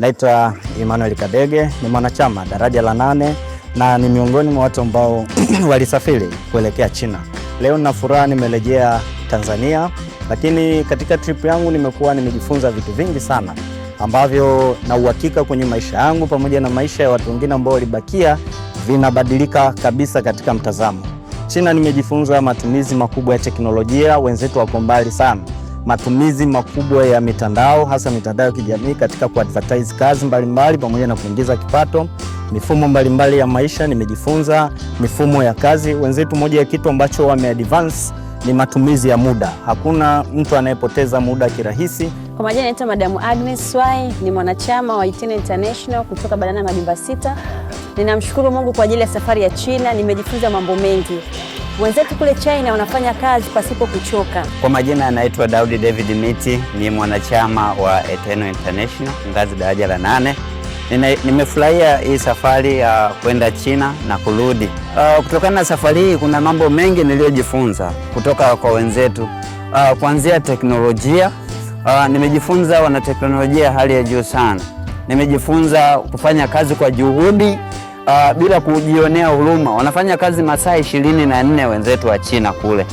Naitwa Emmanuel Kadege, ni mwanachama daraja la nane na ni miongoni mwa watu ambao walisafiri kuelekea China. Leo nina furaha nimerejea Tanzania, lakini katika trip yangu nimekuwa nimejifunza vitu vingi sana ambavyo na uhakika kwenye maisha yangu pamoja na maisha ya watu wengine ambao walibakia vinabadilika kabisa katika mtazamo. China nimejifunza matumizi makubwa ya teknolojia, wenzetu wako mbali sana matumizi makubwa ya mitandao hasa mitandao ya kijamii katika kuadvertise kazi mbalimbali pamoja na kuingiza kipato. Mifumo mbalimbali ya maisha nimejifunza, mifumo ya kazi. Wenzetu, moja ya kitu ambacho wameadvance ni matumizi ya muda. Hakuna mtu anayepoteza muda kirahisi. Kwa majina naitwa Madamu Agnes Swai, ni mwanachama wa Itina International kutoka Banana Madimba Sita. Ninamshukuru Mungu kwa ajili ya safari ya China, nimejifunza mambo mengi Wenzetu kule China wanafanya kazi pasipo kuchoka. Kwa majina anaitwa Daudi David Miti, ni mwanachama wa Eternal International ngazi daraja la nane. Nimefurahia hii safari ya uh, kwenda China na kurudi. Uh, kutokana na safari hii kuna mambo mengi niliyojifunza kutoka kwa wenzetu uh, kuanzia teknolojia uh, nimejifunza wana teknolojia hali ya juu sana. Nimejifunza kufanya kazi kwa juhudi uh, bila kujionea huruma, wanafanya kazi masaa ishirini na nne wenzetu wa China kule.